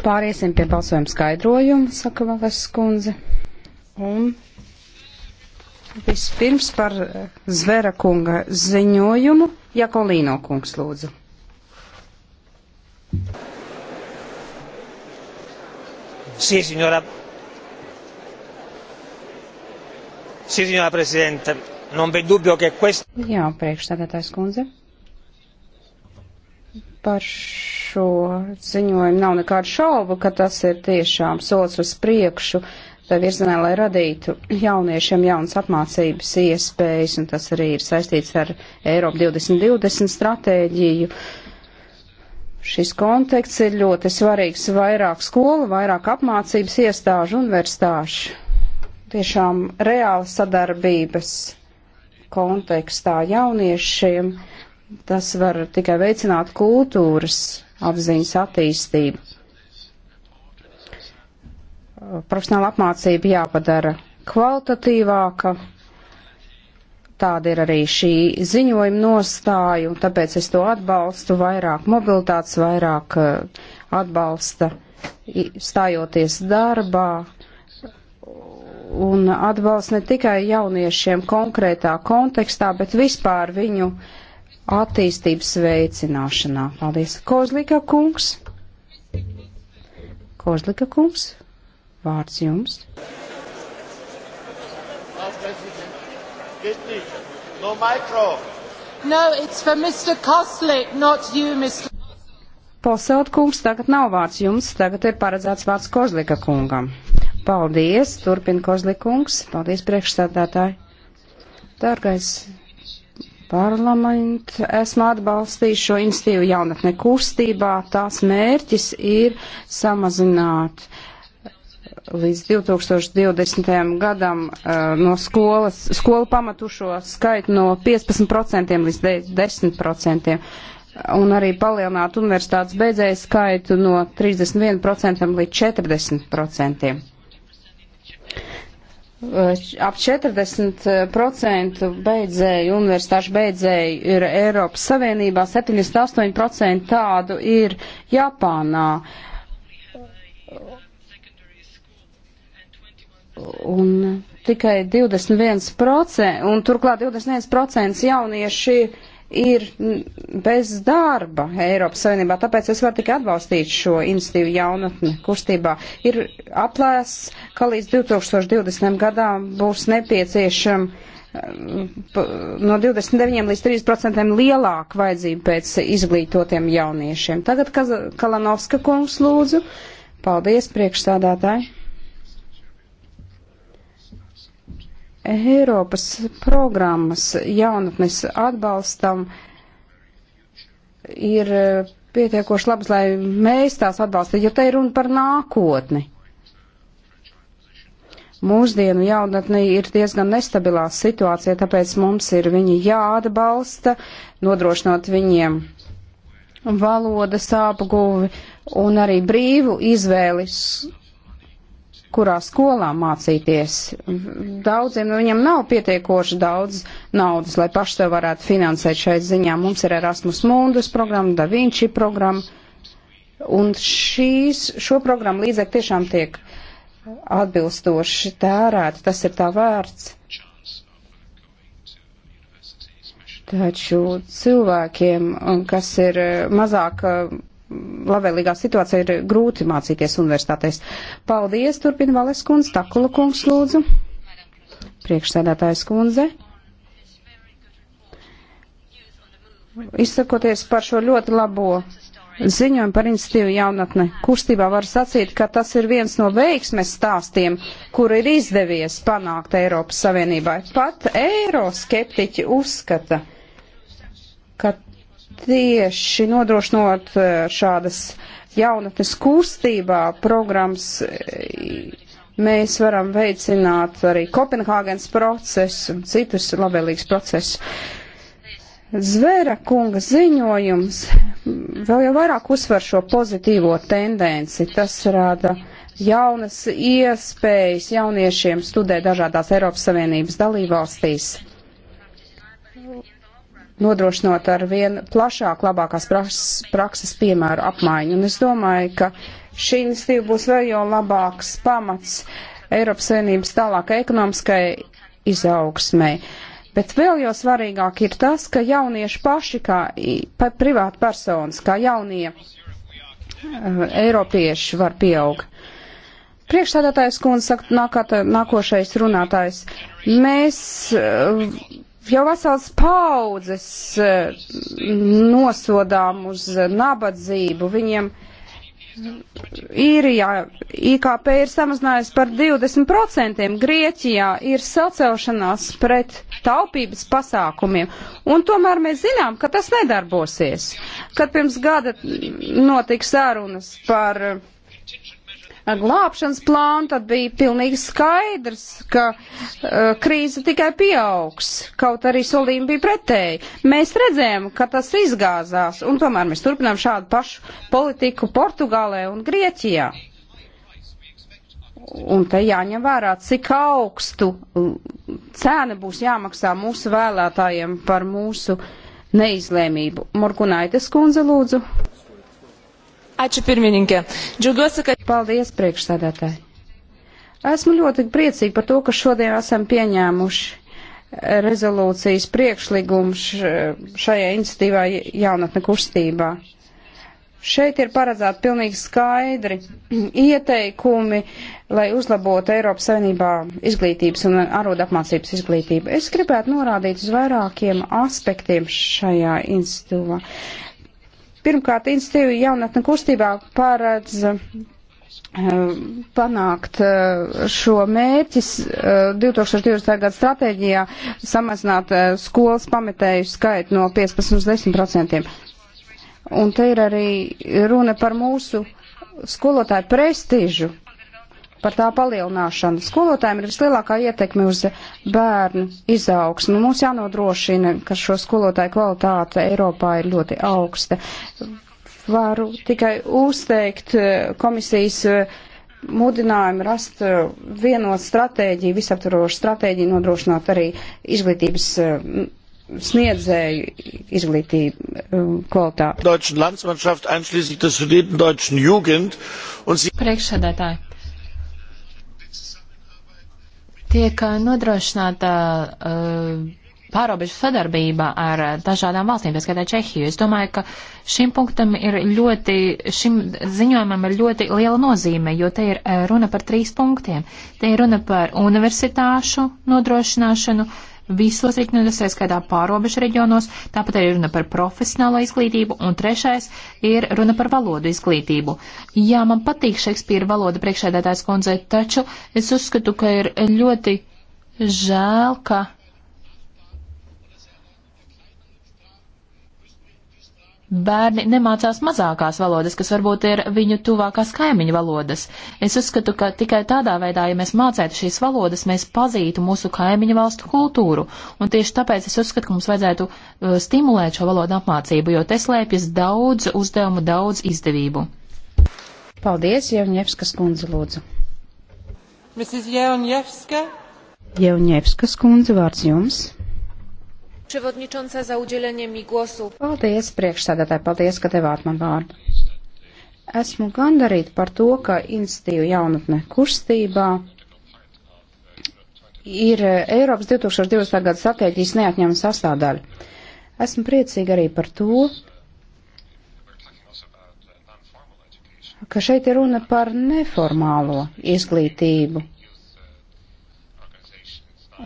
Pāriesim pie balsojuma skaidrojuma, saka Valas kundze. Un vispirms par eh, Zvera kunga ziņojumu Jakolīno kungs lūdzu. Sí, señora. Sí, señora presidente. Non v'è dubbio che questo. Jā, priekšstādātājs kundze par šo ziņojumu nav nekādu šaubu, ka tas ir tiešām solis uz priekšu, tā virzienā, lai radītu jauniešiem jaunas apmācības iespējas, un tas arī ir saistīts ar Eiropu 2020 stratēģiju. Šis konteksts ir ļoti svarīgs vairāk skolu, vairāk apmācības iestāžu, universitāšu. Tiešām reāla sadarbības kontekstā jauniešiem Tas var tikai veicināt kultūras apziņas attīstību. Profesionāla apmācība jāpadara kvalitatīvāka. Tāda ir arī šī ziņojuma nostāja, un tāpēc es to atbalstu vairāk mobilitātes, vairāk eh, atbalsta stājoties darbā, un atbalsts ne tikai jauniešiem konkrētā kontekstā, bet vispār viņu uh, attīstības veicināšanā. Paldies. Kozlika kungs. Kozlika kungs. Vārds jums. No micro. No, it's for Mr. Koslik, not you, Mr. Poselt kungs, tagad nav vārds jums, tagad ir paredzēts vārds Kozlika kungam. Paldies, turpina Kozlika kungs. Paldies, priekšstādātāji. Dārgais parlamentu esmu atbalstījis šo institīvu jaunatne kustībā. Tās mērķis ir samazināt līdz 2020. gadam uh, no skolas, skolu pamatušo skaitu no 15% līdz 10% un arī palielināt universitātes beidzēju skaitu no 31% līdz 40% ap 40% beidzēju, universitāšu beidzēju ir Eiropas Savienībā, 78% tādu ir Japānā. Un tikai 21%, un turklāt 21% jaunieši ir ir bez darba Eiropas Savienībā, tāpēc es varu tikai atbalstīt šo institīvu jaunatni kustībā. Ir aplēsts, ka līdz 2020. gadām būs nepieciešama um, no 29 līdz 30% lielāka vajadzība pēc izglītotiem jauniešiem. Tagad Kalanovska kungs lūdzu. Paldies, priekšstādātāji. Eiropas programmas jaunatnes atbalstam ir e, pietiekoši labas, lai mēs tās atbalstītu, jo te ir runa par nākotni. Mūsdienu jaunatnī ir diezgan nestabilā situācija, tāpēc mums ir viņi jāatbalsta, nodrošinot viņiem valodas apguvi un arī brīvu izvēli kurā skolā mācīties. Daudziem no viņiem nav pietiekoši daudz naudas, lai paši sev varētu finansēt šai ziņā. Mums ir Erasmus Mundus programma, Da Vinci programma, un šīs, šo programmu līdzekļi tiešām tiek atbilstoši tērēti. Tas ir tā vērts. Taču cilvēkiem, kas ir mazāk labvēlīgā situācija ir grūti mācīties universitātēs. Paldies, turpina Vales kundze, Takula kungs lūdzu, priekšsēdētājs kundze. Izsakoties par šo ļoti labo ziņojumu par institīvu jaunatne. Kustībā var sacīt, ka tas ir viens no veiksmes stāstiem, kur ir izdevies panākt Eiropas Savienībai. Pat eiroskeptiķi uzskata, tieši nodrošinot e, šādas jaunatnes kustībā programmas, e, mēs varam veicināt arī Kopenhāgens procesu un citus labvēlīgus procesus. Zvēra kunga ziņojums vēl jau vairāk uzsver šo pozitīvo tendenci. Tas rada jaunas iespējas jauniešiem studēt dažādās Eiropas Savienības dalībvalstīs nodrošinot ar vien plašāk labākās prakses, prakses piemēru apmaiņu. Un es domāju, ka šī iniciatīva būs vēl jau labāks pamats Eiropas Savienības tālākai ekonomiskai izaugsmai. Bet vēl jau svarīgāk ir tas, ka jaunieši paši, kā pa, privāti personas, kā jaunie uh, eiropieši var pieaugt. Priekšstādātājs kundze saka, nākot, nākošais runātājs, mēs uh, jau vesels paudzes eh, nosodām uz eh, nabadzību. Viņiem īrijā IKP ir samazinājies par 20%, Grieķijā ir sacelšanās pret taupības pasākumiem, un tomēr mēs zinām, ka tas nedarbosies. Kad pirms gada notiks sarunas par uh, glābšanas plānu, tad bija pilnīgi skaidrs, ka uh, krīze tikai pieaugs, kaut arī solījumi bija pretēji. Mēs redzējām, ka tas izgāzās, un tomēr mēs turpinām šādu pašu politiku Portugālē un Grieķijā. Un te jāņem vērā, cik augstu cēna būs jāmaksā mūsu vēlētājiem par mūsu neizlēmību. Morgunaitis kundze lūdzu. Ačiū pirmininkė. Džiaugiuosi, kad. Paldies priekšsēdētāji. Esmu ļoti priecīgi par to, ka šodien esam pieņēmuši eh, rezolūcijas priekšligumu šajā iniciatīvā jaunatne kustībā. Šeit ir paredzēti pilnīgi skaidri ieteikumi, lai uzlabotu Eiropas Savienībā izglītības un arodu apmācības izglītību. Es gribētu norādīt uz vairākiem aspektiem šajā institūvā. Pirmkārt, institīva jaunatne kustībā paredz eh, panākt eh, šo mērķis 2020. Eh, gada stratēģijā samazināt skolas pametēju skaitu no 15 līdz 10 procentiem. Un te ir arī runa par mūsu skolotāju prestižu, par tā palielināšanu. Skolotājiem ir vislielākā ietekme uz bērnu izaugsmu. Mums jānodrošina, ka šo skolotāju kvalitāte Eiropā ir ļoti augsta. Varu tikai uzteikt eh, komisijas eh, mudinājumu rast eh, vienot stratēģiju, visaptvarošu stratēģiju, nodrošinot arī izglītības sniedzēju izglītību kvalitāti. Priekšsēdētāji, tiek eh, nodrošināta uh, pārobežu sadarbība ar eh, dažādām valstīm, tā skaitā Čehiju. Es domāju, ka šim punktam ir ļoti, šim ziņojumam ir ļoti liela nozīme, jo te ir runa par trīs punktiem. Te ir runa par universitāšu nodrošināšanu, visos reģionos, ieskaitā pārobežu reģionos, tāpat arī runa par profesionālo izglītību, un trešais ir runa par valodu izglītību. Jā, man patīk Šekspīra valoda priekšēdētājs kundzei, taču es uzskatu, ka ir ļoti žēl, ka bērni nemācās mazākās valodas, kas varbūt ir viņu tuvākās kaimiņu valodas. Es uzskatu, ka tikai tādā veidā, ja mēs mācētu šīs valodas, mēs pazītu mūsu kaimiņu valstu kultūru. Un tieši tāpēc es uzskatu, ka mums vajadzētu uh, stimulēt šo valodu apmācību, jo te slēpjas daudz uzdevumu, daudz izdevību. Paldies, Jevņevskas kundze, lūdzu. Mrs. Jevņevska. Jevņevskas kundze, vārds jums. Paldies, priekšsēdētāji, paldies, ka devāt man vārdu. Esmu gandarīta par to, ka institīva jaunatne kustībā ir Eiropas 2020. gada stratēģijas neatņemama sastāvdaļa. Esmu priecīga arī par to, ka šeit ir runa par neformālo izglītību,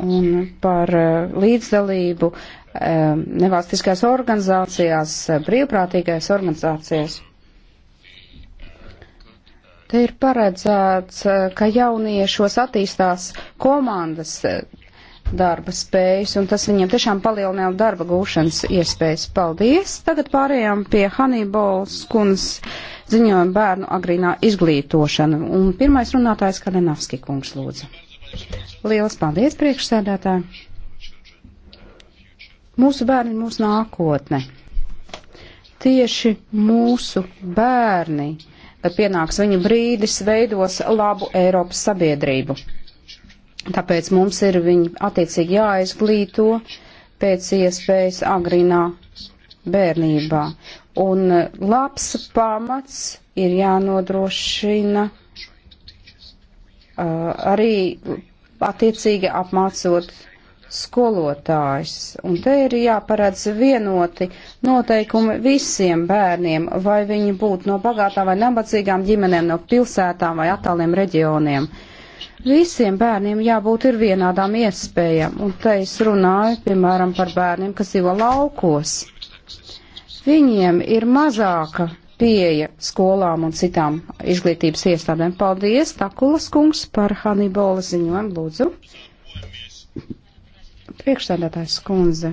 un par eh, līdzdalību eh, nevalstiskās organizācijās, eh, brīvprātīgās organizācijās. Te ir paredzēts, ka jauniešos attīstās komandas darba spējas, un tas viņiem tiešām palielināja darba gūšanas iespējas. Paldies! Tagad pārējām pie Hannibals kunas ziņojuma bērnu agrīnā izglītošana, un pirmais runātājs Kalinavski kungs lūdzu. Lielas paldies, priekšsēdētāji! Mūsu bērni ir mūsu nākotne. Tieši mūsu bērni, kad pienāks viņu brīdis, veidos labu Eiropas sabiedrību. Tāpēc mums ir viņi attiecīgi jāizglīto pēc iespējas agrīnā bērnībā. Un labs pamats ir jānodrošina Uh, arī attiecīgi apmācot skolotājs. Un te ir jāparedz vienoti noteikumi visiem bērniem, vai viņi būtu no bagātām vai nabadzīgām ģimenēm, no pilsētām vai attāliem reģioniem. Visiem bērniem jābūt ir vienādām iespējām, un te es runāju, piemēram, par bērniem, kas dzīvo laukos. Viņiem ir mazāka pieeja skolām un citām izglītības iestādēm. Paldies, Takulas kungs, par Hanibola ziņojumu, lūdzu. Priekšsēdētājs kundze.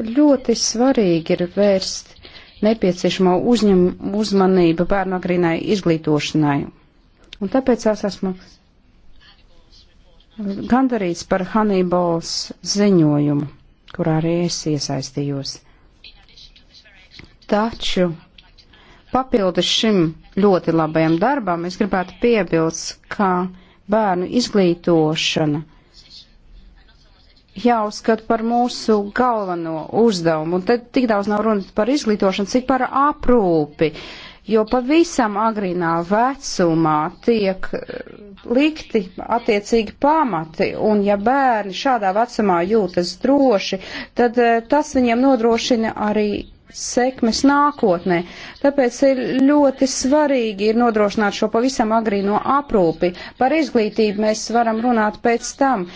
Ļoti svarīgi ir vērst nepieciešamo uzņem, uzmanību bērnu agrīnai izglītošanai. Un tāpēc es esmu gandarīts par Hannibals ziņojumu, kurā arī es iesaistījos. Taču Papildus šim ļoti labajam darbam es gribētu piebilst, ka bērnu izglītošana jāuzskata par mūsu galveno uzdevumu. Un te tik daudz nav runa par izglītošanu, cik par aprūpi. Jo pavisam agrīnā vecumā tiek eh, likti attiecīgi pamati, un ja bērni šādā vecumā jūtas droši, tad eh, tas viņiem nodrošina arī sekmes nākotnē. Tāpēc ir ļoti svarīgi ir nodrošināt šo pavisam agrīno aprūpi. Par izglītību mēs varam runāt pēc tam.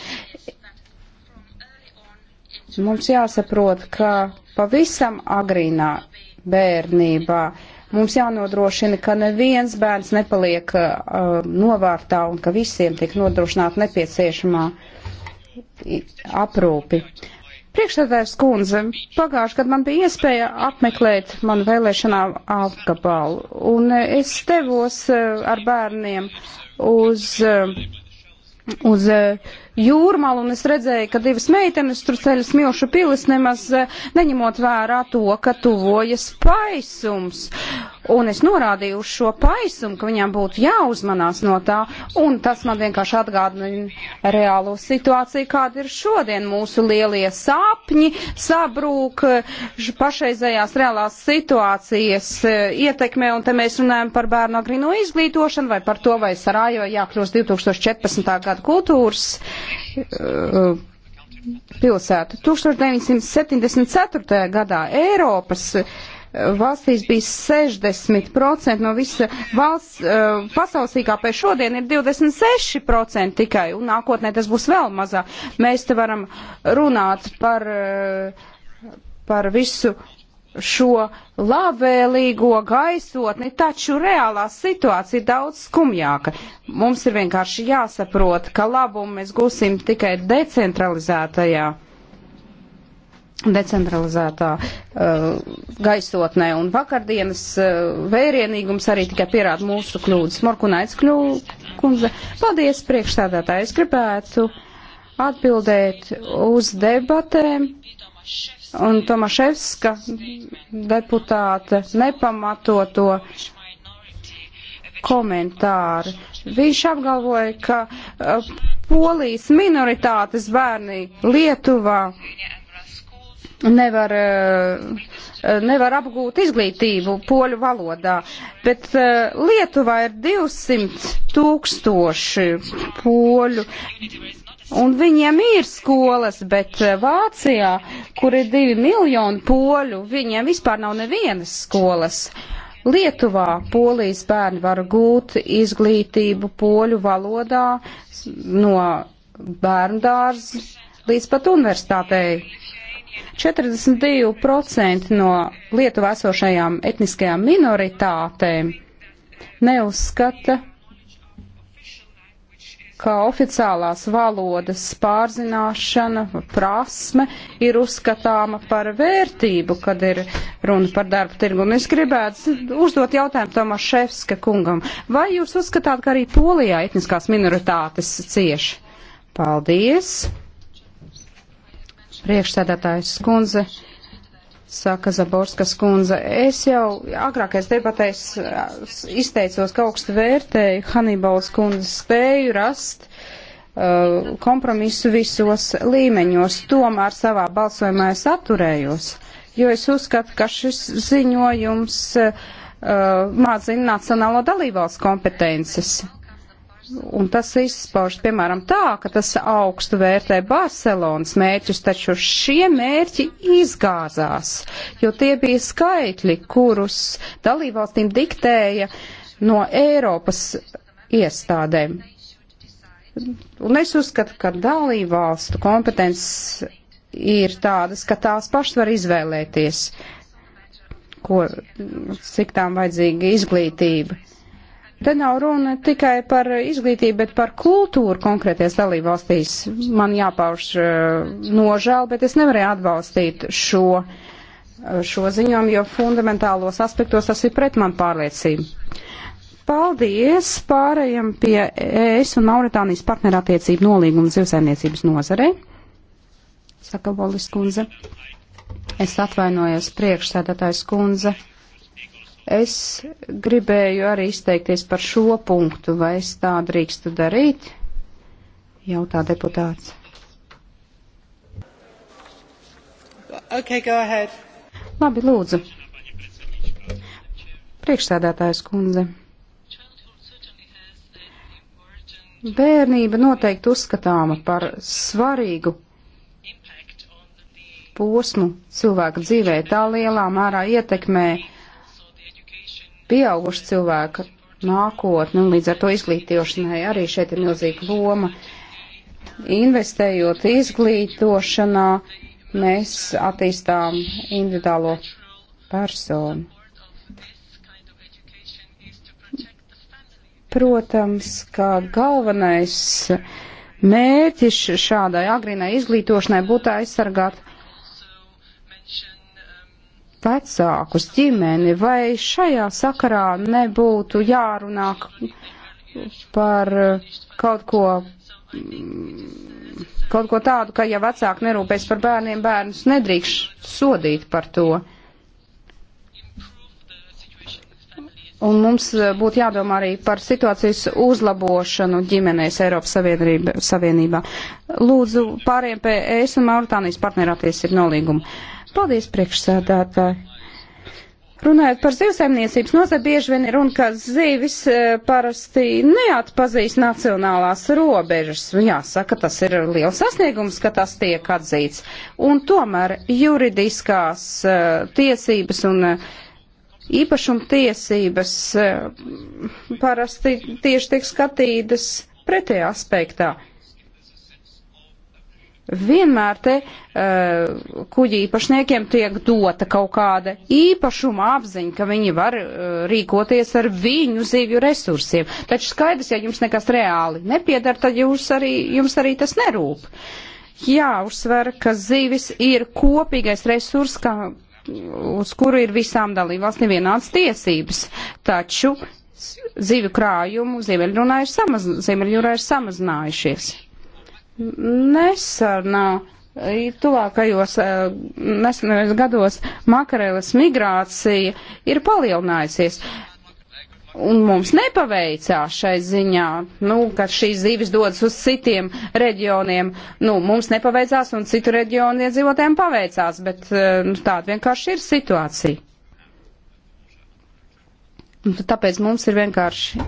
Mums jāsaprot, ka pavisam agrīnā bērnībā mums jānodrošina, ka neviens bērns nepaliek uh, novārtā un ka visiem tiek nodrošināta nepieciešamā aprūpi. Uh, Priekšstādājs kundze, pagājuši, kad man bija iespēja apmeklēt manu vēlēšanā apgabalu, un e, es devos e, ar bērniem uz, e, uz jūrmalu, un es redzēju, ka divas meitenes tur ceļas milšu pilis, nemaz neņemot vērā to, ka tuvojas paisums. Un es norādīju uz šo paisumu, ka viņam būtu jāuzmanās no tā. Un tas man vienkārši atgādina reālo situāciju, kāda ir šodien. Mūsu lielie sāpņi sabrūk pašreizējās reālās situācijas e, ietekmē. Un te mēs runājam par bērnu agrīno izglītošanu vai par to, vai Sarajo jākļūst 2014. gada kultūras e, pilsētu. 1974. gadā Eiropas valstīs bija 60% no visa valsts, uh, pasaules IKP šodien ir 26% tikai, un nākotnē tas būs vēl mazāk. Mēs te varam runāt par, uh, par visu šo labvēlīgo gaisotni, taču reālā situācija ir daudz skumjāka. Mums ir vienkārši jāsaprot, ka labumu mēs gūsim tikai decentralizētajā decentralizētā uh, gaisotnē. Un vakardienas uh, vērienīgums arī tikai pierāda mūsu kļūdas. Morkunaits kundze, paldies priekšstādātāji. Es gribētu atbildēt uz debatēm. Un Tomaševska deputāta nepamatoto komentāru. Viņš apgalvoja, ka uh, polijas minoritātes bērni Lietuvā uh, nevar, eh, nevar apgūt izglītību poļu valodā, bet eh, Lietuvā ir 200 tūkstoši poļu. Un viņiem ir skolas, bet eh, Vācijā, kur ir divi miljoni poļu, viņiem vispār nav nevienas skolas. Lietuvā polijas bērni var gūt izglītību poļu valodā no bērndārza līdz pat universitātei 42% no Lietuvā esošajām etniskajām minoritātēm neuzskata, ka oficiālās valodas pārzināšana, prasme ir uzskatāma par vērtību, kad ir runa par darba tirgu. Un es gribētu uzdot jautājumu Tomaševska kungam. Vai jūs uzskatāt, ka arī Polijā etniskās minoritātes cieši? Paldies! Priekšsēdētājs skundze, saka Zaborskas skundze, es jau agrākais debatēs eh, izteicos, ka augstu vērtēju Hannibals skundzes spēju rast uh, kompromisu visos līmeņos, tomēr savā balsojumā es atturējos, jo es uzskatu, ka šis ziņojums uh, eh, mācina nacionālo dalībvalsts kompetences. Un tas izpaužas, piemēram, tā, ka tas augstu vērtē Barcelonas mērķus, taču šie mērķi izgāzās, jo tie bija skaitļi, kurus dalībvalstīm diktēja no Eiropas iestādēm. Un es uzskatu, ka dalībvalstu kompetences ir tādas, ka tās pašas var izvēlēties, ko, cik tām vajadzīga izglītība Te nav runa tikai par izglītību, bet par kultūru konkrēties dalībvalstīs. Man jāpauž uh, nožēla, bet es nevarēju atbalstīt šo, eh, šo ziņojumu, jo fundamentālos aspektos tas ir pret man pārliecību. Paldies! Pārējiem pie ES un Mauritānijas partnerattiecību nolīguma zivsaimniecības nozarei. Saka Bolis kundze. Es atvainojos priekšsēdētājs kundze. Es gribēju arī izteikties par šo punktu, vai es tā drīkstu darīt, jautā deputāts. Okay, go ahead. Labi, lūdzu. Priekšsēdētājs kundze. Bērnība noteikti uzskatāma par svarīgu posmu cilvēka dzīvē. Tā lielā mērā ietekmē uh, pieaugušu cilvēku nākotni, un līdz ar to izglītošanai arī šeit ir milzīga loma. Investējot izglītošanā, mēs attīstām individuālo personu. Protams, ka galvenais mērķis šādai agrīnai izglītošanai būtu aizsargāt vecākus, ģimeni, vai šajā sakarā nebūtu jārunā par kaut ko, kaut ko tādu, ka ja vecāki nerūpēs par bērniem, bērnus nedrīkst sodīt par to. Un mums būtu jādomā arī par situācijas uzlabošanu ģimenēs Eiropas Savienībā. Lūdzu, pāriem pie ES un Mauritānijas partnerattiecību nolīgumu. Uh, Paldies, priekšsēdētāji! Runājot par zivsaimniecības nozari, bieži vien ir runa, ka zivis e, parasti neatpazīst nacionālās robežas. Nu, jāsaka, tas ir liels sasniegums, ka tas tiek atzīts. Un tomēr juridiskās e, tiesības un e, īpašuma tiesības parasti tieši tiek skatītas pretējā aspektā vienmēr te uh, kuģi īpašniekiem tiek dota kaut kāda īpašuma apziņa, ka viņi var uh, rīkoties ar viņu zivju resursiem. Taču skaidrs, ja jums nekas reāli nepiedara, tad jūs arī, jums arī tas nerūp. Jāuzsver, ka zivis ir kopīgais resurs, ka, uz kuru ir visām dalībvalstīm vienāds tiesības. Taču zivju krājumu Ziemeļjūrā ir, samaz, ir samazinājušies. Nesarnā tuvākajos eh, nesenajos gados makareles migrācija ir palielinājusies. Un mums nepaveicās šai ziņā, nu, ka šīs zīves dodas uz citiem reģioniem. Nu, mums nepaveicās un citu reģionu iedzīvotājiem paveicās, bet eh, nu, tāda vienkārši ir situācija. Tāpēc mums ir vienkārši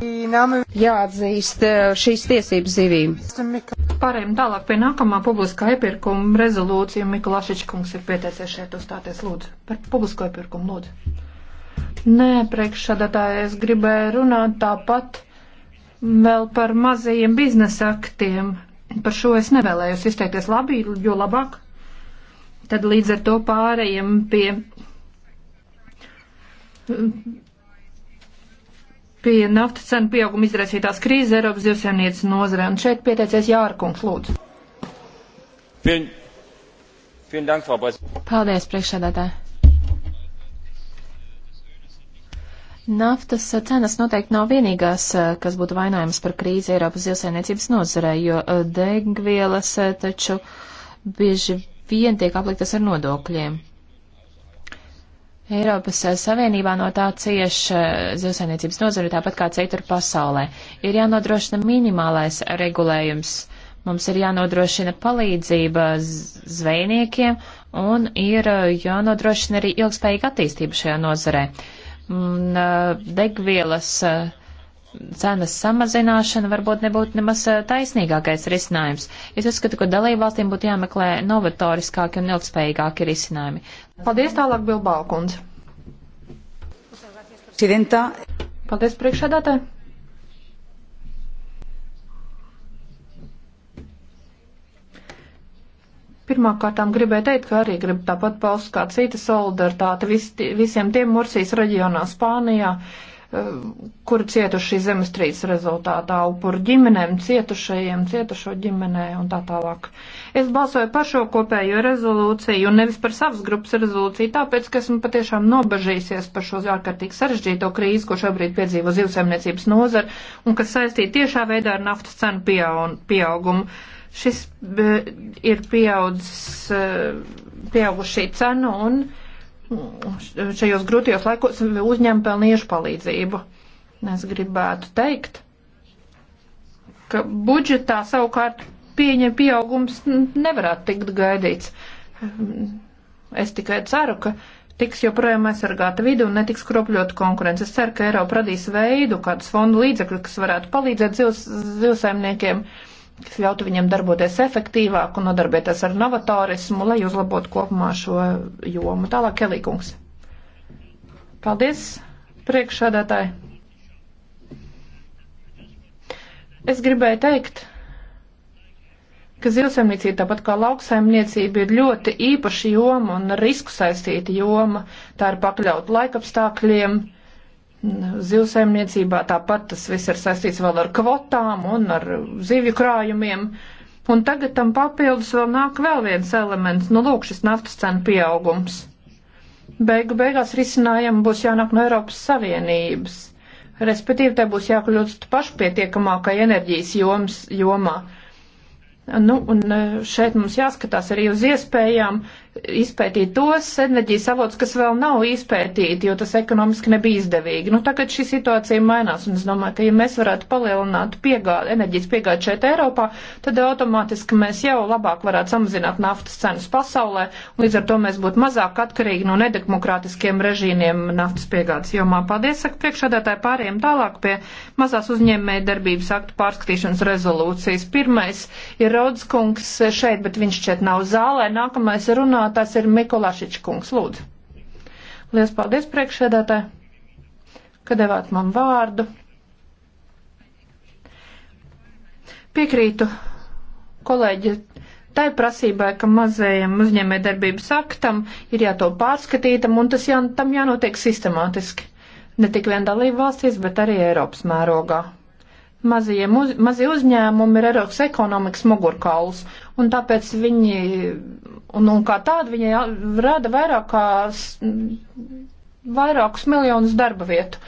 jāatzīst eh, šīs tiesības zivīm. Pārējiem tālāk pie nākamā publiskā iepirkuma rezolūcija. Mikulāšiņš kungs ir pieteicies šeit uzstāties lūdzu. Par publisko iepirkumu lūdzu. Nē, priekšsādātāji, es gribēju runāt tāpat vēl par mazajiem biznesa aktiem. Par šo es nevēlējos izteikties labi, jo labāk. Tad līdz ar to pārējiem pie pie naftas cenu pieauguma izraisītās krīzes Eiropas zivsaimniecības nozarē. Un šeit pieteicies Jārkungs, lūdzu. Vien, vien dank, Paldies, priekšsēdētāji. Naftas cenas noteikti nav vienīgās, eh, kas būtu vainojams par krīzi Eiropas zilsainiecības nozarē, jo eh, degvielas eh, taču bieži vien tiek apliktas ar nodokļiem. Eiropas eh, Savienībā no tā cieš eh, zivsainiecības nozara tāpat kā citur pasaulē. Ir jānodrošina minimālais regulējums. Mums ir jānodrošina palīdzība zvejniekiem un ir eh, jānodrošina arī ilgspējīga attīstība šajā nozarē. Degvielas uh, cenas samazināšana varbūt nebūtu nemaz eh, taisnīgākais risinājums. Es uzskatu, ka dalībvalstīm būtu jāmeklē novatoriskāki un ilgspējīgāki risinājumi. Paldies tālāk, Bilbao kundze. Paldies priekšādātāji. Pirmkārtām gribēju teikt, ka arī gribu tāpat paust kā cita solidaritāte vis, visiem tiem Mursijas reģionā Spānijā, uh, kur cietuši zemestrīces rezultātā, upuru ģimenēm, cietušajiem, cietušo ģimenē un tā tālāk. Es balsoju par šo kopējo rezolūciju un nevis par savas grupas rezolūciju, tāpēc, ka esmu patiešām nobežīsies par šo ārkārtīgi sarežģīto krīzi, ko šobrīd piedzīvo zivsaimniecības nozara un kas saistīta tiešā veidā ar naftas cenu pieaugumu. Šis eh, ir pieaudzis, eh, pieauguši cenu un šajos grūtajos laikos uzņem pelniešu palīdzību. Es gribētu teikt, ka budžetā savukārt pieņem pieaugums nevarētu tikt gaidīts. Es tikai ceru, ka tiks joprojām aizsargāta vide un netiks kropļota konkurence. Es ceru, ka Eiropa radīs veidu, kādus fondu līdzekļus, kas varētu palīdzēt zivs, zivsaimniekiem. Zils, kas ļautu viņam darboties efektīvāk un nodarbieties ar novatorismu, lai uzlabotu kopumā šo jomu. Tālāk, Kelīkungs. Paldies, priekšsēdētāji. Es gribēju teikt, ka zivsaimniecība, tāpat kā lauksaimniecība, ir ļoti īpaša joma un risku saistīta joma. Tā ir pakļauta laikapstākļiem. apstākļiem zivsaimniecībā, tāpat tas viss ir saistīts vēl ar kvotām un ar zivju krājumiem. Un tagad tam papildus vēl nāk vēl viens elements, nu lūk, šis naftas cenu pieaugums. Beigu beigās risinājumu būs jānāk no Eiropas Savienības, respektīvi te būs jākļūst pašpietiekamākai enerģijas joms, jomā. Nu, un eh, šeit mums jāskatās arī uz iespējām izpētīt tos enerģijas avots, kas vēl nav izpētīti, jo tas ekonomiski nebija izdevīgi. Nu, tagad šī situācija mainās, un es domāju, ka ja mēs varētu palielināt piegādi, enerģijas piegādi šeit Eiropā, tad automātiski mēs jau labāk varētu samazināt naftas cenas pasaulē, un līdz ar to mēs būtu mazāk atkarīgi no nedemokrātiskiem režīmiem naftas piegādes jomā. Paldies, saka priekšādātāji, pārējiem tālāk pie mazās uzņēmēja darbības aktu pārskatīšanas rezolūcijas. Pirmais ir Rodskungs šeit, bet viņš šeit nav zālē. Nākamais runā runātājs ir Mikulašič kungs. Lūdzu. Lielas paldies priekšsēdētāji, ka devāt man vārdu. Piekrītu kolēģi tai prasībai, ka mazajam uzņēmējdarbības aktam ir jāto pārskatītam un tas jā, tam jānotiek sistemātiski. Ne tik vien dalību valstīs, bet arī Eiropas mērogā. Mazie, uz, mazie uzņēmumi ir Eiropas ekonomikas mugurkauls, un tāpēc viņi Un, un kā tāda viņa rada vairāk kā vairākus miljonus darba vietu.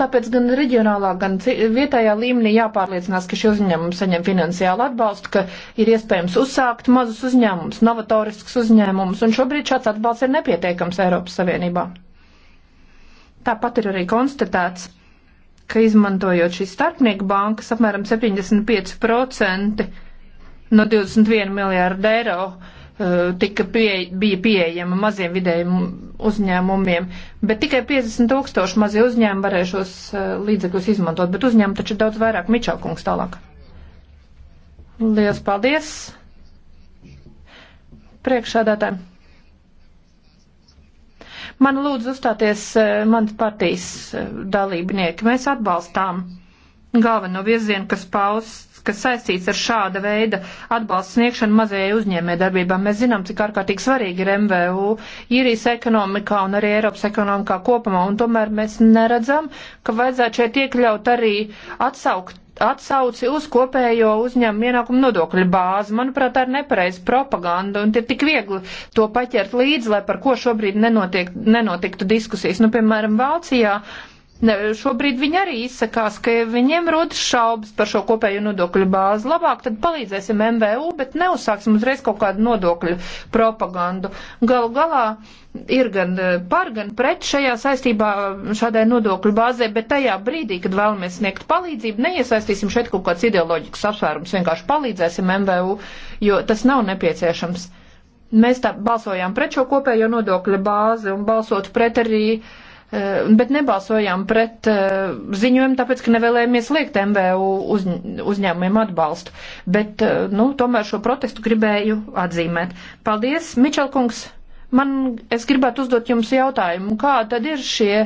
Tāpēc gan reģionālā, gan vietējā līmenī jāpārliecinās, ka šie uzņēmumi saņem finansiālu atbalstu, ka ir iespējams uzsākt mazus uzņēmumus, novatorisks uzņēmumus, un šobrīd šāds atbalsts ir nepietiekams Eiropas Savienībā. Tāpat ir arī konstatēts, ka izmantojot šīs starpnieku bankas, apmēram 75% no 21 miljārdu eiro Eh, tika pie, bija pieejama maziem vidējiem uzņēmumiem, bet tikai 50 tūkstoši mazie uzņēmumi varēja šos eh, līdzekļus izmantot, bet uzņēmumi taču ir daudz vairāk. Mičaukungs tālāk. Lielas paldies priekšādātājiem. Man lūdzu uzstāties eh, mans partijas dalībnieki. Mēs atbalstām galveno virzienu, kas pausts kas saistīts ar šāda veida atbalstu sniegšanu mazajai uzņēmē darbībām. Mēs zinām, cik ārkārtīgi svarīgi ir MVU īrijas ekonomikā un arī Eiropas ekonomikā kopumā, un tomēr mēs neredzam, ka vajadzētu šeit iekļaut arī atsaukt atsauci uz kopējo uzņēmumu ienākumu nodokļu bāzi. Manuprāt, tā ir nepareiza propaganda un ir tik viegli to paķert līdzi, lai par ko šobrīd nenotiek, nenotiktu diskusijas. Nu, piemēram, Vācijā Ne, šobrīd viņi arī izsakās, ka viņiem rodas šaubas par šo kopējo nodokļu bāzi. Labāk tad palīdzēsim MVU, bet neuzsāksim uzreiz kaut kādu nodokļu propagandu. Galu galā ir gan eh, par, gan pret šajā saistībā šādai nodokļu bāzē, bet tajā brīdī, kad vēlamies sniegt palīdzību, neiesaistīsim šeit kaut kāds ideoloģisks apsvērums, vienkārši palīdzēsim MVU, jo tas nav nepieciešams. Mēs tā balsojām pret šo kopējo nodokļu bāzi un balsot pret arī uh, Eh, bet nebalsojām pret eh, ziņojumu, tāpēc, ka nevēlējāmies liekt MVU uz, uzņēmumiem atbalstu. Bet, eh, nu, tomēr šo protestu gribēju atzīmēt. Paldies, Mičelkungs. Man, es gribētu uzdot jums jautājumu, kā tad ir šie,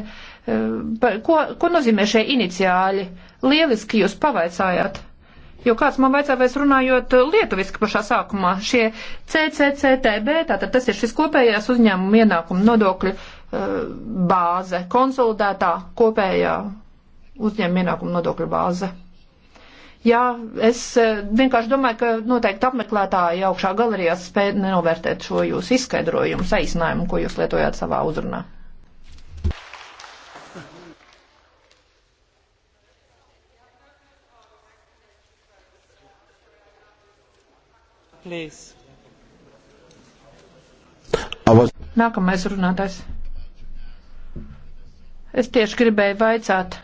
ko, ko nozīmē šie iniciāļi? Lieliski jūs pavaicājāt. Jo kāds man vajadzēja, vai es runājot lietuviski pašā sākumā, šie CCCTB, tātad tas ir šis kopējās uzņēmuma ienākuma nodokļu Eh, bāze, konsolidētā kopējā uzņēmuma ienākuma nodokļa bāze. Jā, es eh, vienkārši domāju, ka noteikti apmeklētāji augšā galerijā spēj nenovērtēt šo jūsu izskaidrojumu, saīsinājumu, ko jūs lietojāt savā uzrunā. Please. Nākamais runātājs. Es tieši gribēju vaicāt,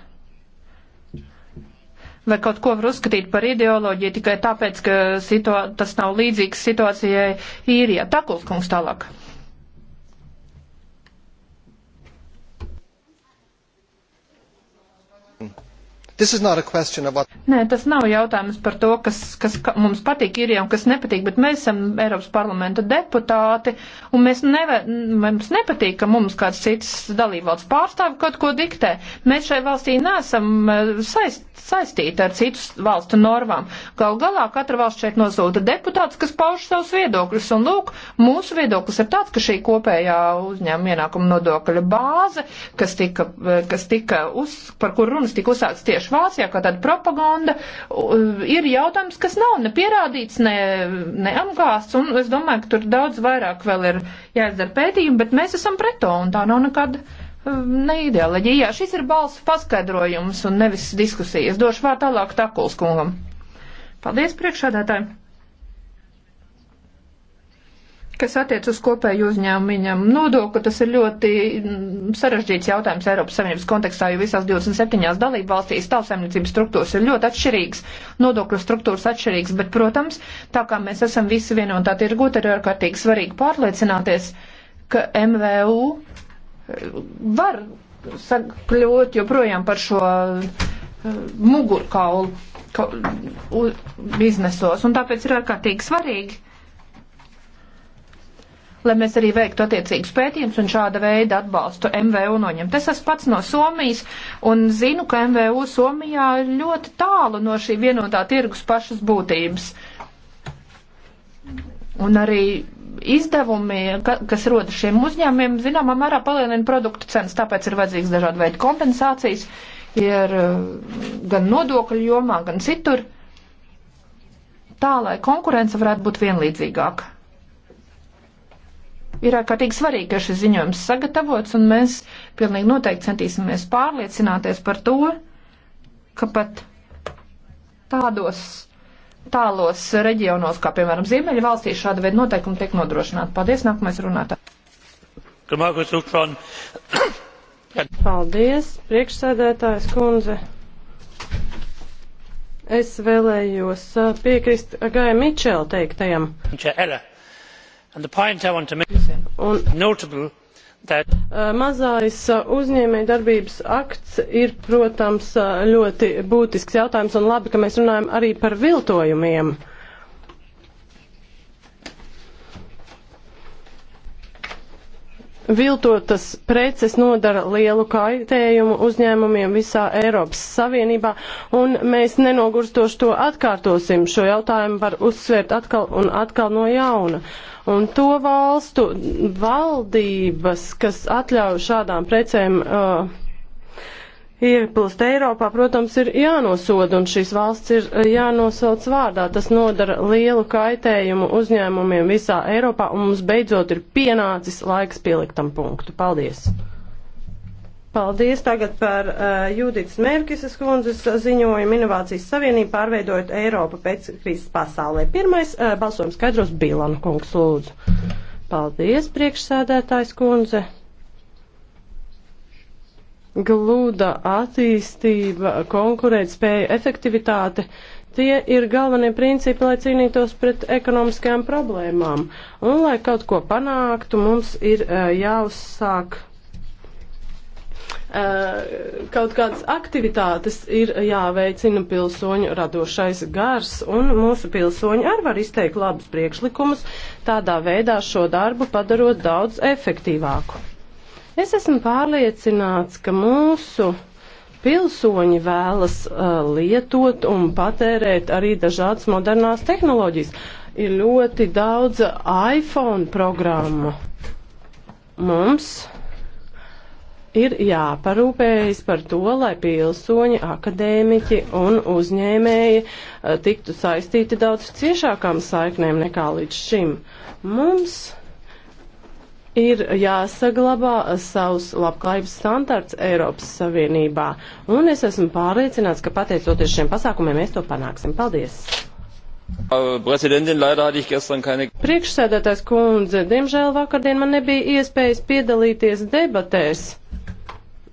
vai kaut ko var uzskatīt par ideoloģiju tikai tāpēc, ka situā tas nav līdzīgs situācijai īrijā. Takulskungs tālāk. Nē, tas nav jautājums par to, kas, kas mums patīk īrijā un kas nepatīk, bet mēs esam Eiropas parlamenta deputāti un mēs neve, mums nepatīk, ka mums kāds cits dalībvalsts pārstāvi kaut ko diktē. Mēs šai valstī nesam eh, saist, saistīti ar citu valstu normām. Gal galā katra valsts šeit nosūta deputāts, kas pauž savus viedokļus. Un lūk, mūsu viedoklis ir tāds, ka šī kopējā uzņēmuma ienākuma nodokļa bāze, kas tika, eh, kas tika uz, par kur runas tika uzsākts tieši īpaši Vācijā, kā tāda propaganda, ir jautājums, kas nav ne pierādīts, ne, ne apgāsts, un es domāju, ka tur daudz vairāk vēl ir jāizdara pētījumi, bet mēs esam pret to, un tā nav nekad ne ideoloģija. Šis ir balsu paskaidrojums un nevis diskusija. Es došu vārdu tālāk Takuls kungam. Paldies priekšādātājiem! Kas attiec uz kopēju uzņēmumu nodokli, tas ir ļoti mm, sarežģīts jautājums Eiropas Savienības kontekstā, jo visās 27 dalību valstīs tautsēmniecības struktūras ir ļoti atšķirīgas, nodokļu struktūras atšķirīgas, bet, protams, tā kā mēs esam visi vienotā tirgot, ir ārkārtīgi svarīgi pārliecināties, ka MVU eh, var kļūt joprojām par šo eh, mugurkaulu biznesos, un tāpēc ir ārkārtīgi svarīgi lai mēs arī veiktu attiecīgus pētījumus un šāda veida atbalstu MVU noņemt. Es esmu pats no Somijas un zinu, ka MVU Somijā ir ļoti tālu no šī vienotā tirgus pašas būtības. Un arī izdevumi, kas rodas šiem uzņēmumiem, zināmā mērā palielina produktu cenas, tāpēc ir vajadzīgs dažādi veidi kompensācijas, ir eh, gan nodokļu jomā, gan citur, tā lai konkurence varētu būt vienlīdzīgāka ir ārkārtīgi svarīgi, ka šis ziņojums sagatavots, un mēs pilnīgi noteikti centīsimies pārliecināties par to, ka pat tādos tālos reģionos, kā piemēram Ziemeļa valstīs, šāda veida noteikumi tiek nodrošināti. Paldies, nākamais runātājs. Paldies, priekšsēdētājs kundze. Es vēlējos uh, piekrist Gai Mičela teiktajam. Mičela. Un uh, Mazais uh, uzņēmējdarbības akts ir, protams, uh, ļoti būtisks jautājums un labi, ka mēs runājam arī par viltojumiem. Uh, Viltotas preces nodara lielu kaitējumu uzņēmumiem visā Eiropas Savienībā, un mēs nenogurstoši to atkārtosim. Šo jautājumu var uzsvērt atkal un atkal no jauna. Un to valstu valdības, kas atļauj šādām precēm. Uh, iebilst Eiropā, protams, ir jānosoda, un šīs valsts ir eh, jānosauc vārdā. Tas nodara lielu kaitējumu uzņēmumiem visā Eiropā, un mums beidzot ir pienācis laiks pieliktam punktu. Paldies! Paldies tagad par uh, Judits Merkises kundzes ziņojumu Inovācijas Savienību pārveidojot Eiropu pēc krīzes pasaulē. Pirmais uh, balsojums skaidros Bilanu kungs lūdzu. Paldies, priekšsēdētājs kundze gluda attīstība, konkurētspēja, efektivitāte. Tie ir galvenie principi, lai cīnītos pret ekonomiskajām problēmām. Un, lai kaut ko panāktu, mums ir uh, jāuzsāk eh, kaut kādas aktivitātes ir jāveicina pilsoņu radošais gars, un mūsu pilsoņi arī var izteikt labus priekšlikumus, tādā veidā šo darbu padarot daudz efektīvāku. Es esmu pārliecināts, ka mūsu pilsoņi vēlas uh, lietot un patērēt arī dažādas modernās tehnoloģijas. Ir ļoti daudz iPhone programmu. Mums ir jāparūpējas par to, lai pilsoņi, akadēmiķi un uzņēmēji uh, tiktu saistīti daudz ciešākām saiknēm nekā līdz šim. Mums ir jāsaglabā savs labklājības standarts Eiropas Savienībā. Un es esmu pārliecināts, ka pateicoties šiem pasākumiem mēs to panāksim. Paldies! Keine... Priekšsēdētājs kundze, diemžēl vakardien man nebija iespējas piedalīties debatēs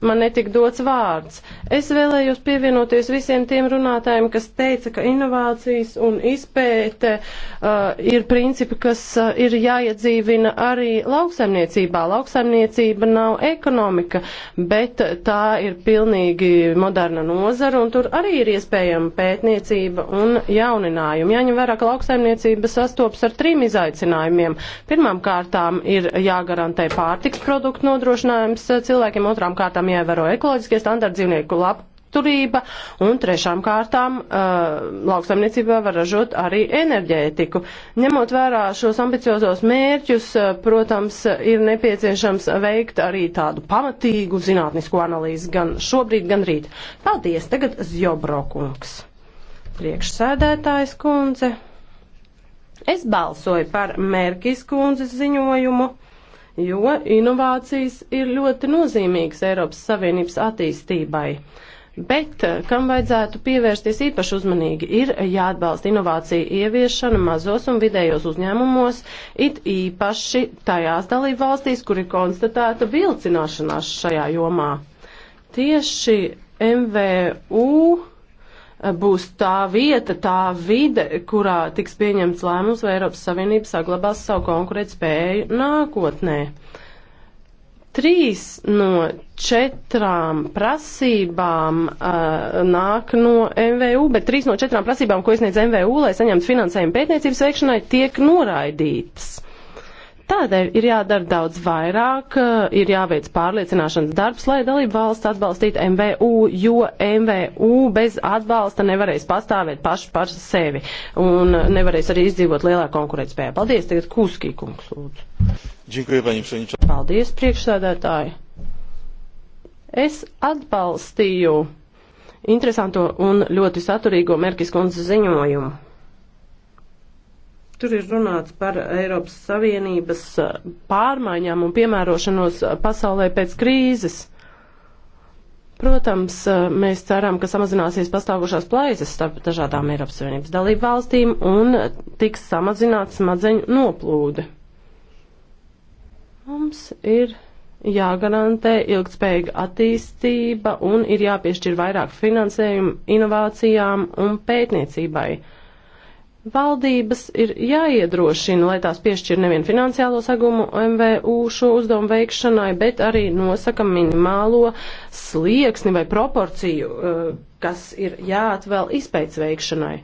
man netika dots vārds. Es vēlējos pievienoties visiem tiem runātājiem, kas teica, ka inovācijas un izpēte uh, ir principi, kas uh, ir jāiedzīvina arī lauksaimniecībā. Lauksaimniecība nav ekonomika, bet tā ir pilnīgi moderna nozara, un tur arī ir iespējama pētniecība un jauninājumi. Jāņem vērā, ka lauksaimniecība sastops ar trim izaicinājumiem. Pirmām kārtām ir jāgarantē pārtiks produktu nodrošinājums uh, cilvēkiem, otrām kārtām jāievēro ekoloģiskie standarti, dzīvnieku labturība, un trešām kārtām uh, lauksaimniecībā var ražot arī enerģētiku. Ņemot vērā šos ambiciozos mērķus, uh, protams, ir nepieciešams veikt arī tādu pamatīgu zinātnisko analīzi gan šobrīd, gan rīt. Paldies, tagad Zjobrokungs. Priekšsēdētājs kundze. Es balsoju par Mērkis kundzes ziņojumu jo inovācijas ir ļoti nozīmīgas Eiropas Savienības attīstībai. Bet, eh, kam vajadzētu pievērsties īpaši uzmanīgi, ir jāatbalsta inovāciju ieviešana mazos un vidējos uzņēmumos, it īpaši tajās dalību valstīs, kur ir konstatēta vilcināšanās šajā jomā. Tieši MVU būs tā vieta, tā vide, kurā tiks pieņemts lēmums, vai Eiropas Savienība saglabās savu konkurētspēju nākotnē. Trīs no četrām prasībām uh, nāk no MVU, bet trīs no četrām prasībām, ko izniedz MVU, lai saņemtu finansējumu pētniecības veikšanai, tiek noraidītas. Tādēļ ir jādara daudz vairāk, eh, ir jāveic pārliecināšanas darbs, lai dalību valsts atbalstītu MVU, jo MVU bez atbalsta nevarēs pastāvēt paši par sevi un nevarēs arī izdzīvot lielā konkurētspējā. Paldies, tagad Kūskī kungs lūdzu. Paldies, priekšsēdētāji. Es atbalstīju interesanto un ļoti saturīgo Merkis kundzes ziņojumu. Tur ir runāts par Eiropas Savienības uh, pārmaiņām un piemērošanos uh, pasaulē pēc krīzes. Protams, uh, mēs ceram, ka samazināsies pastāvošās plaisas starp dažādām Eiropas Savienības dalību valstīm un tiks samazināts smadzeņu noplūde. Mums ir jāgarantē ilgspējīga attīstība un ir jāpiešķir vairāk finansējumu inovācijām un pētniecībai. Uh, Valdības ir jāiedrošina, lai tās piešķir nevienu finansiālo sagumu MVU šo uzdevumu veikšanai, bet arī nosaka minimālo slieksni vai proporciju, eh, kas ir jāatvēl izpētes veikšanai.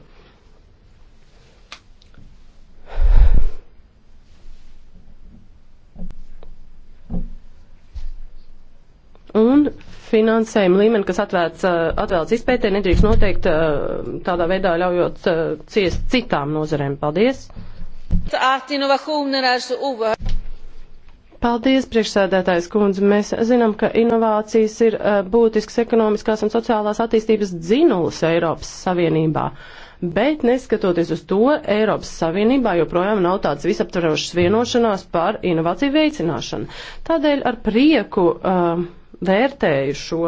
Un finansējuma līmeni, kas atvērts, uh, atvērts izpētē, nedrīkst noteikt uh, tādā veidā ļaujot uh, ciest citām nozarēm. Paldies! Paldies, priekšsēdētājs kundze. Mēs zinām, ka inovācijas ir būtisks ekonomiskās un sociālās attīstības dzinulis Eiropas Savienībā. Bet, neskatoties uz to, Eiropas Savienībā joprojām nav tāds visaptvarošs vienošanās par inovāciju veicināšanu. Tādēļ ar prieku uh, vērtēju šo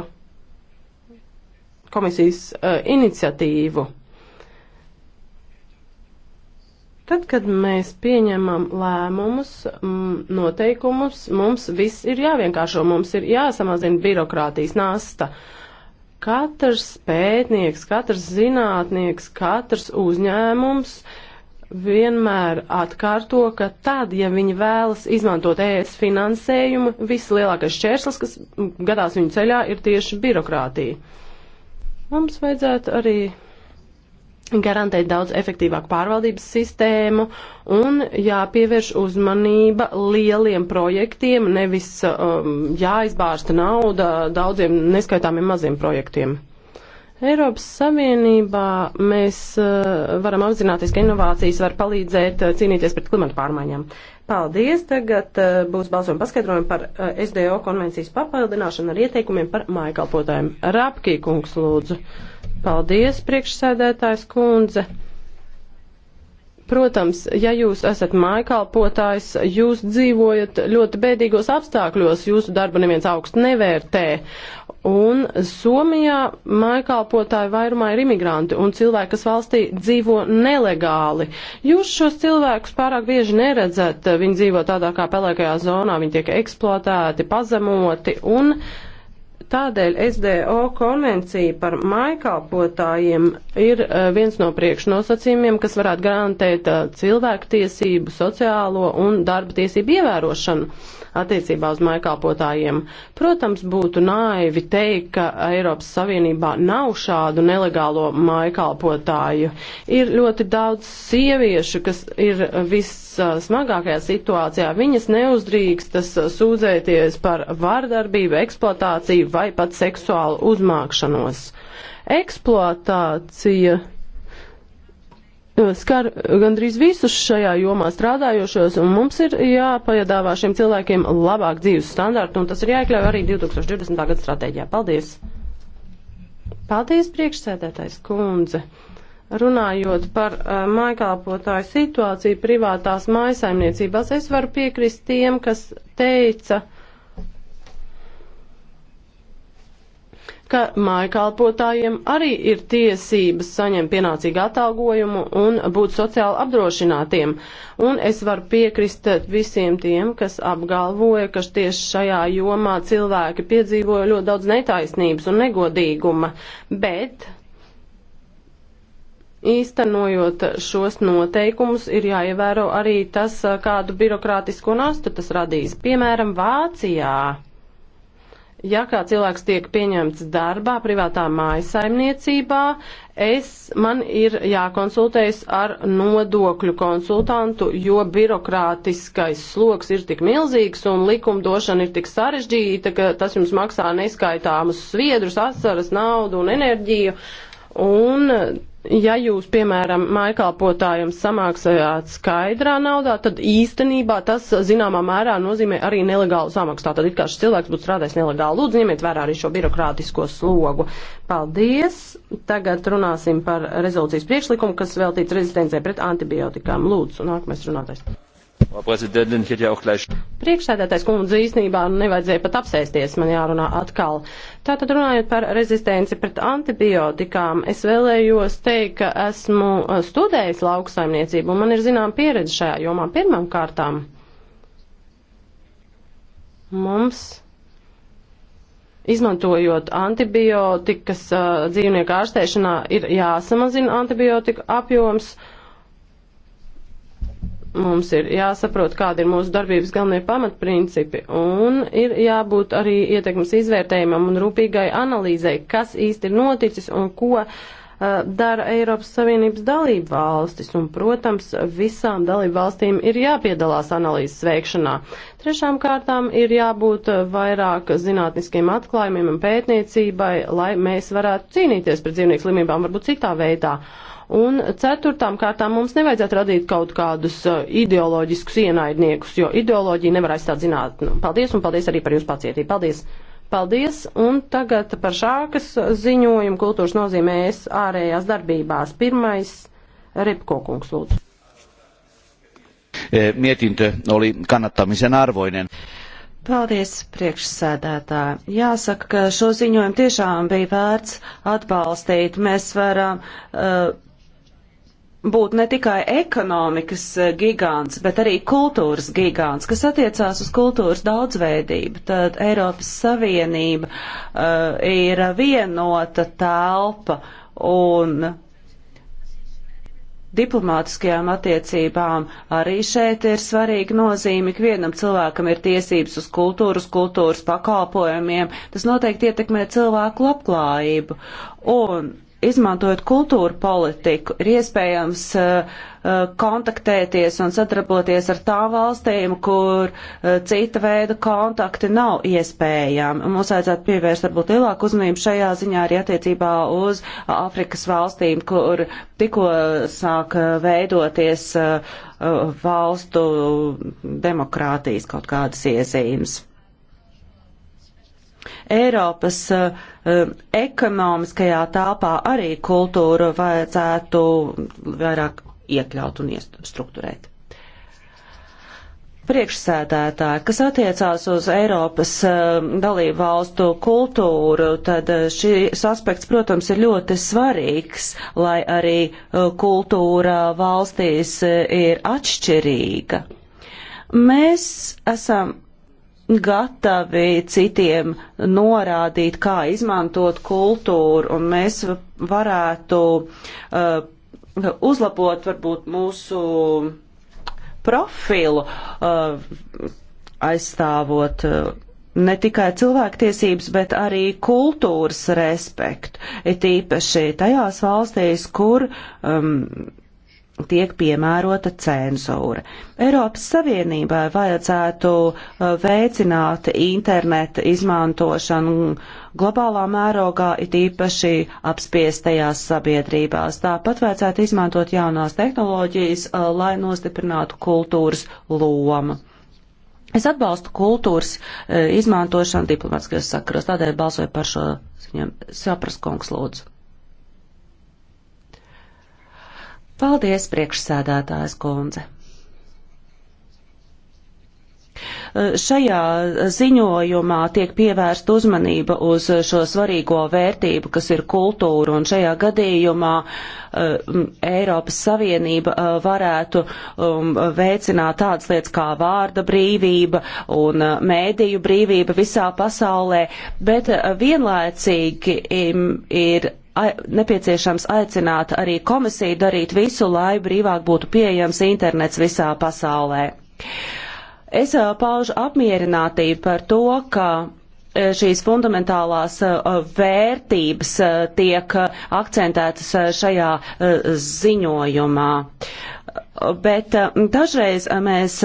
komisijas uh, iniciatīvu. Tad, kad mēs pieņemam lēmumus, noteikumus, mums viss ir jāvienkāršo, mums ir jāsamazina birokrātijas nasta. Katrs pētnieks, katrs zinātnieks, katrs uzņēmums uh, vienmēr atkārto, ka tad, ja viņi vēlas izmantot ES finansējumu, vislielākais šķērslis, kas gadās viņu ceļā, ir tieši birokrātija. Mums vajadzētu arī garantēt daudz efektīvāku pārvaldības sistēmu un jāpievērš uzmanība lieliem projektiem, nevis um, jāizbārsta nauda daudziem neskaitāmiem maziem projektiem. Eiropas Savienībā mēs uh, varam apzināties, ka inovācijas var palīdzēt uh, cīnīties pret klimatu pārmaiņām. Paldies! Tagad uh, būs balsojuma paskaidrojumi par uh, SDO konvencijas papildināšanu ar ieteikumiem par mājkalpotājiem. Rapkī kungs lūdzu. Paldies, priekšsēdētājs kundze! Protams, ja jūs esat mājkalpotājs, jūs dzīvojat ļoti bēdīgos apstākļos, jūsu darbu neviens augstu nevērtē. Un Somijā mājkalpotāji vairumā ir imigranti un cilvēki, kas valstī dzīvo nelegāli. Jūs šos cilvēkus pārāk bieži neredzat, viņi dzīvo tādā kā pelēkajā zonā, viņi tiek eksploatēti, pazemoti un. Uh, Tādēļ SDO konvencija par mājkalpotājiem ir eh, viens no priekšnosacījumiem, kas varētu garantēt eh, cilvēktiesību, sociālo un darba tiesību ievērošanu attiecībā uz mājkalpotājiem. Protams, būtu naivi teikt, ka Eiropas Savienībā nav šādu nelegālo mājkalpotāju. Ir ļoti daudz sieviešu, kas ir vissmagākajā situācijā. Viņas neuzdrīkstas sūdzēties par vardarbību, eksploatāciju, vai pat seksuālu uzmākšanos. Eksploatācija uh, skar gandrīz visus šajā jomā strādājošos, un mums ir jāpajadāvā šiem cilvēkiem labāk dzīves standārtu, un tas ir jāiekļauj arī 2020. gada stratēģijā. Paldies! Paldies, priekšsēdētais kundze! Runājot par uh, mājkalpotāju situāciju privātās mājasaimniecībās, es varu piekrist tiem, kas teica, uh, ka mājkalpotājiem arī ir tiesības saņemt pienācīgu atalgojumu un būt sociāli apdrošinātiem. Un es varu piekrist visiem tiem, kas apgalvoja, ka tieši šajā jomā cilvēki piedzīvoja ļoti daudz netaisnības un negodīguma. Bet īstenojot šos noteikumus, ir jāievēro arī tas, kādu birokrātisko nastu tas radīs. Piemēram, Vācijā ja kā cilvēks tiek pieņemts darbā, privātā mājasaimniecībā, es, man ir jākonsultējas ar nodokļu konsultantu, jo birokrātiskais sloks ir tik milzīgs un likumdošana ir tik sarežģīta, ka tas jums maksā neskaitāmus sviedrus, asaras, naudu un enerģiju. Un ja jūs, piemēram, mājkalpotājiem samaksājāt skaidrā naudā, tad īstenībā tas zināmā mērā nozīmē arī nelegālu samaksu. Tātad it kā šis cilvēks būtu strādājis nelegāli. Lūdzu, ņemiet vērā arī šo birokrātisko slogu. Paldies! Tagad runāsim par rezolūcijas priekšlikumu, kas veltīts rezistencē pret antibiotikām. Lūdzu, nākamais runātais. Priekšsēdētais kundze īstenībā nevajadzēja pat apsēsties, man jārunā atkal. Tātad runājot par rezistenci pret antibiotikām, es vēlējos teikt, ka esmu uh, studējis lauksaimniecību un man ir zinām pieredze šajā jomā pirmām kārtām. Mums izmantojot antibiotikas uh, dzīvnieku ārstēšanā, ir jāsamazina antibiotika apjoms. Uh, Mums ir jāsaprot, kādi ir mūsu darbības galvenie pamatprincipi, un ir jābūt arī ietekmes izvērtējumam un rūpīgai analīzei, kas īsti ir noticis un ko uh, dara Eiropas Savienības dalību valstis, un, protams, visām dalību valstīm ir jāpiedalās analīzes veikšanā. Trešām kārtām ir jābūt uh, vairāk zinātniskiem atklājumiem un pētniecībai, lai mēs varētu cīnīties pret dzīvnieku slimībām, varbūt citā veidā. Uh, Un ceturtām kārtām mums nevajadzētu radīt kaut kādus uh, ideoloģiskus ienaidniekus, jo ideoloģija nevar aizstāt zinātni. Paldies un paldies arī par jūsu pacietību. Paldies! Paldies! Un tagad par šākas uh, ziņojumu kultūras nozīmēs ārējās darbībās. Pirmais - Repkokungs lūdzu. E, Mietintö oli kannattamisen arvoinen. Paldies, priekšsēdētāji. Jāsaka, ka šo ziņojumu tiešām bija vērts atbalstīt. Mēs varam uh, būt ne tikai ekonomikas eh, gigants, bet arī kultūras gigants, kas attiecās uz kultūras daudzveidību. Tad Eiropas Savienība uh, ir vienota telpa un diplomātiskajām attiecībām arī šeit ir svarīga nozīme. Ikvienam cilvēkam ir tiesības uz kultūras, kultūras pakalpojumiem. Tas noteikti ietekmē cilvēku labklājību. Un izmantojot kultūru politiku, ir iespējams uh, uh, kontaktēties un sadarboties ar tā valstīm, kur uh, cita veida kontakti nav iespējami. Mums vajadzētu pievērst varbūt lielāku uzmanību šajā ziņā arī attiecībā uz Āfrikas valstīm, kur tikko sāk uh, veidoties uh, uh, valstu demokrātijas kaut kādas iezīmes. Eiropas uh, Um, ekonomiskajā telpā arī kultūru vajadzētu vairāk iekļaut un iestruktūrēt. Priekšsēdētāji, kas attiecās uz Eiropas um, dalību valstu kultūru, tad uh, šis aspekts, protams, ir ļoti svarīgs, lai arī uh, kultūra valstīs uh, ir atšķirīga. Mēs esam gatavi citiem norādīt, kā izmantot kultūru, un mēs varētu uh, uzlabot varbūt mūsu profilu, uh, aizstāvot uh, ne tikai cilvēktiesības, bet arī kultūras respektu, it īpaši tajās valstīs, kur um, tiek piemērota cenzūra. Eiropas Savienībai vajadzētu uh, veicināt interneta izmantošanu globālā mērogā, it īpaši apspiestajās sabiedrībās. Tāpat vajadzētu izmantot jaunās tehnoloģijas, uh, lai nostiprinātu kultūras lomu. Es atbalstu kultūras uh, izmantošanu diplomatiskajos sakaros, tādēļ balsoju par šo ziņojumu. Sapras kungs lūdzu. Paldies, priekšsēdētājs kundze! E, šajā ziņojumā tiek pievērsta uzmanība uz šo svarīgo vērtību, kas ir kultūra, un šajā gadījumā e, Eiropas Savienība e, varētu um, veicināt tādas lietas kā vārda brīvība un mēdīju brīvība visā pasaulē, bet vienlaicīgi ir nepieciešams aicināt arī komisiju darīt visu, lai brīvāk būtu pieejams internets visā pasaulē. Es paužu apmierinātību par to, ka šīs fundamentālās vērtības tiek akcentētas šajā ziņojumā. Bet dažreiz mēs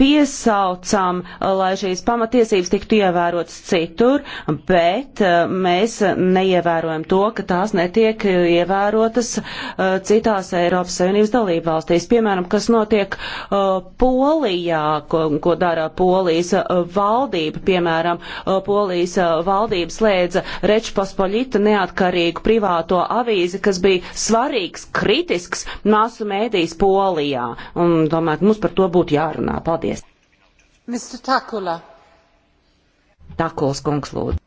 piesaucam, lai šīs pamatiesības tiktu ievērotas citur, bet eh, mēs neievērojam to, ka tās netiek eh, ievērotas eh, citās Eiropas Savienības dalībvalstīs. Piemēram, kas notiek Polijā, ko, ko dara Polijas valdība, piemēram, Polijas valdība slēdza Rečpospoļita neatkarīgu privāto avīzi, kas bija svarīgs, kritisks masu mēdīs Polijā. Un, domāju, mums par to būtu jārunā. Paldies! Paldies! Mr. Takula. Takuls kungs lūdzu.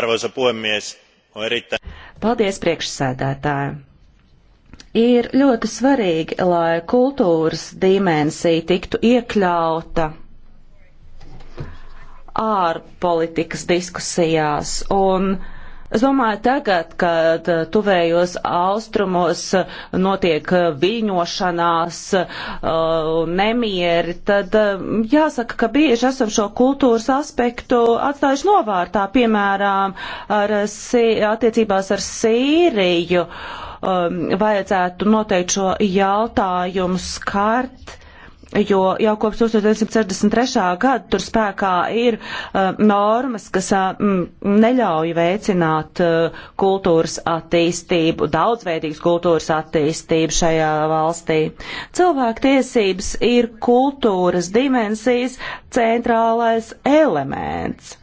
Arvoisa puhemies, on erittäin... Paldies priekšsēdētāji. Ir ļoti svarīgi, lai kultūras dimensija tiktu iekļauta ārpolitikas diskusijās un uh, Es domāju, tagad, kad eh, tuvējos austrumos eh, notiek eh, viņošanās, nemieri, tad jāsaka, ka bieži esam šo kultūras aspektu atstājuši novārtā, piemēram, ar, attiecībās ar Sīriju. Um, vajadzētu noteikti šo jautājumu skart jo jau kopš 1963. gada tur spēkā ir uh, normas, kas uh, neļauj veicināt uh, kultūras attīstību, daudzveidīgas kultūras attīstību šajā valstī. Cilvēktiesības ir kultūras dimensijas centrālais elements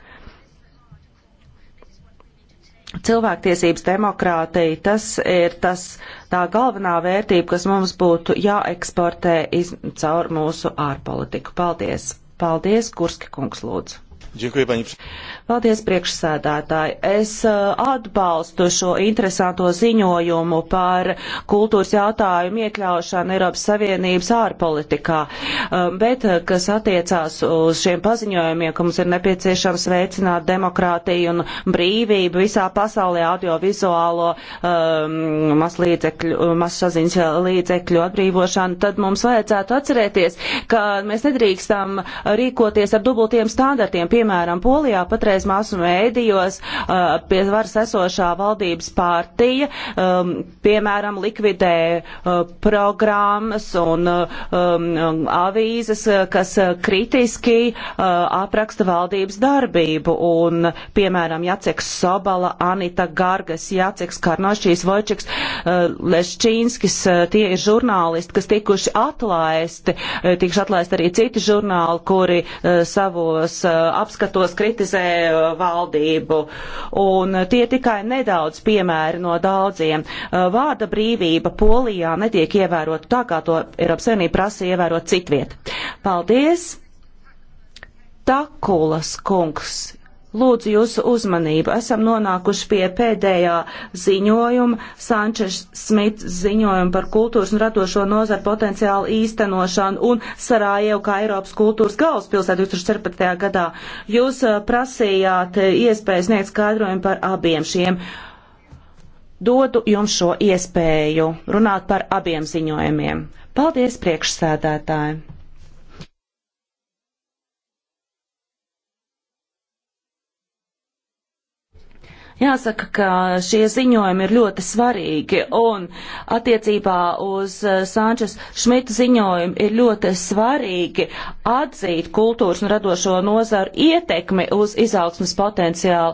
cilvēktiesības demokrātija, tas ir tas, tā galvenā vērtība, kas mums būtu jāeksportē iz, caur mūsu ārpolitiku. Paldies! Paldies, Kurska kungs lūdzu! Paldies, priekšsēdētāji. Es atbalstu šo interesanto ziņojumu par kultūras jautājumu iekļaušanu Eiropas Savienības ārpolitikā, bet kas attiecās uz šiem paziņojumiem, ka mums ir nepieciešams veicināt demokrātiju un brīvību visā pasaulē audiovizuālo um, masaziņas līdzekļu atbrīvošanu, tad mums vajadzētu atcerēties, ka mēs nedrīkstam rīkoties ar dubultiem standartiem. Piemēram, piemēram, Polijā patreiz masu mēdījos uh, pie varas esošā valdības partija, um, piemēram, likvidē uh, programmas un uh, um, um, avīzes, uh, kas uh, kritiski uh, apraksta valdības darbību. Un, piemēram, Jaceks Sobala, Anita Gargas, Jaceks Karnošķīs, Vojčiks, uh, Leščīnskis, uh, tie ir žurnālisti, kas tikuši atlaisti, uh, tikuši atlaisti arī citi žurnāli, kuri uh, savos uh, apskatījumos apskatos kritizē uh, valdību. Un tie tikai nedaudz piemēri no daudziem. Uh, vārda brīvība Polijā netiek ievērota tā, kā to Eiropas Savienība prasa ievērot citviet. Paldies! Takulas kungs Lūdzu jūsu uzmanību. Esam nonākuši pie pēdējā ziņojuma, Sančes Smits ziņojuma par kultūras un radošo nozaru potenciālu īstenošanu un Sarajevu kā Eiropas kultūras galvaspilsētu 2014. gadā. Jūs eh, prasījāt eh, iespēju sniegt skaidrojumu par abiem šiem. Dodu jums šo iespēju runāt par abiem ziņojumiem. Paldies priekšsēdētāji! Jāsaka, ka šie ziņojumi ir ļoti svarīgi un attiecībā uz uh, Sančes Šmita ziņojumu ir ļoti svarīgi atzīt kultūras un radošo nozaru ietekmi uz izaugsmas potenciālu.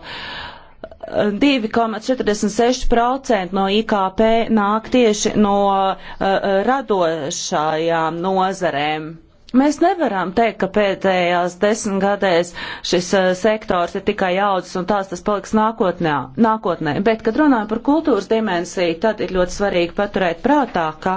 2,46% uh, no IKP nāk tieši no uh, uh radošajām nozarēm. Mēs nevaram teikt, ka pēdējās desmitgadēs šis uh, sektors ir tikai audzis un tās tas paliks nākotnē, nākotnē. Bet, kad runājam par kultūras dimensiju, tad ir ļoti svarīgi paturēt prātā, ka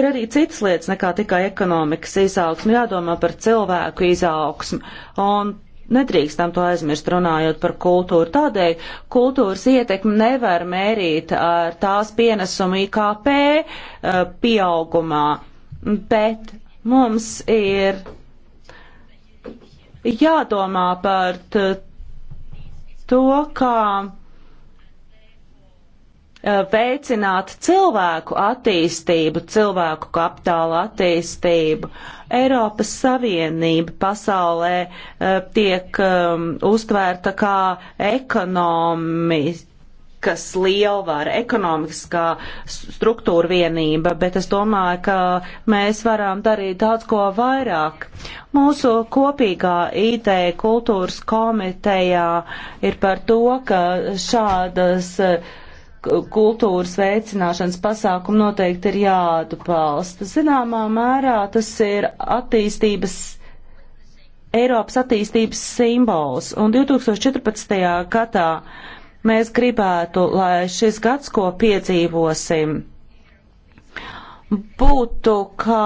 ir arī citas lietas nekā tikai ekonomikas izaugsme, jādomā par cilvēku izaugsmu. Un nedrīkstam to aizmirst runājot par kultūru. Tādēļ kultūras ietekmi nevar mērīt ar tās pienesumu IKP eh, pieaugumā bet mums ir jādomā par to, kā e, veicināt cilvēku attīstību, cilvēku kapitāla attīstību. Eiropas Savienība pasaulē e, tiek um, uztvērta kā ekonomiski ekonomikas lielvara, ekonomiskā struktūra vienība, bet es domāju, ka mēs varam darīt daudz ko vairāk. Mūsu kopīgā ideja kultūras komitejā ir par to, ka šādas e, kultūras veicināšanas pasākumu noteikti ir jāatbalsta. Zināmā mērā tas ir attīstības, Eiropas attīstības simbols. Un 2014. gadā Mēs gribētu, lai šis gads, ko piedzīvosim, būtu kā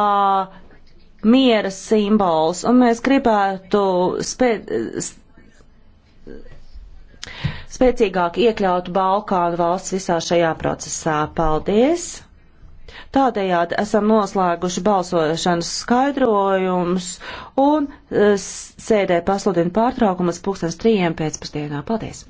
miera simbols, un mēs gribētu spē, spēcīgāk iekļaut Balkānu valsts visā šajā procesā. Paldies! Tādējādi esam noslēguši balsošanas skaidrojumus un sēdē pasludinu pārtraukumus pulkstens trījiem pēcpusdienā. Paldies!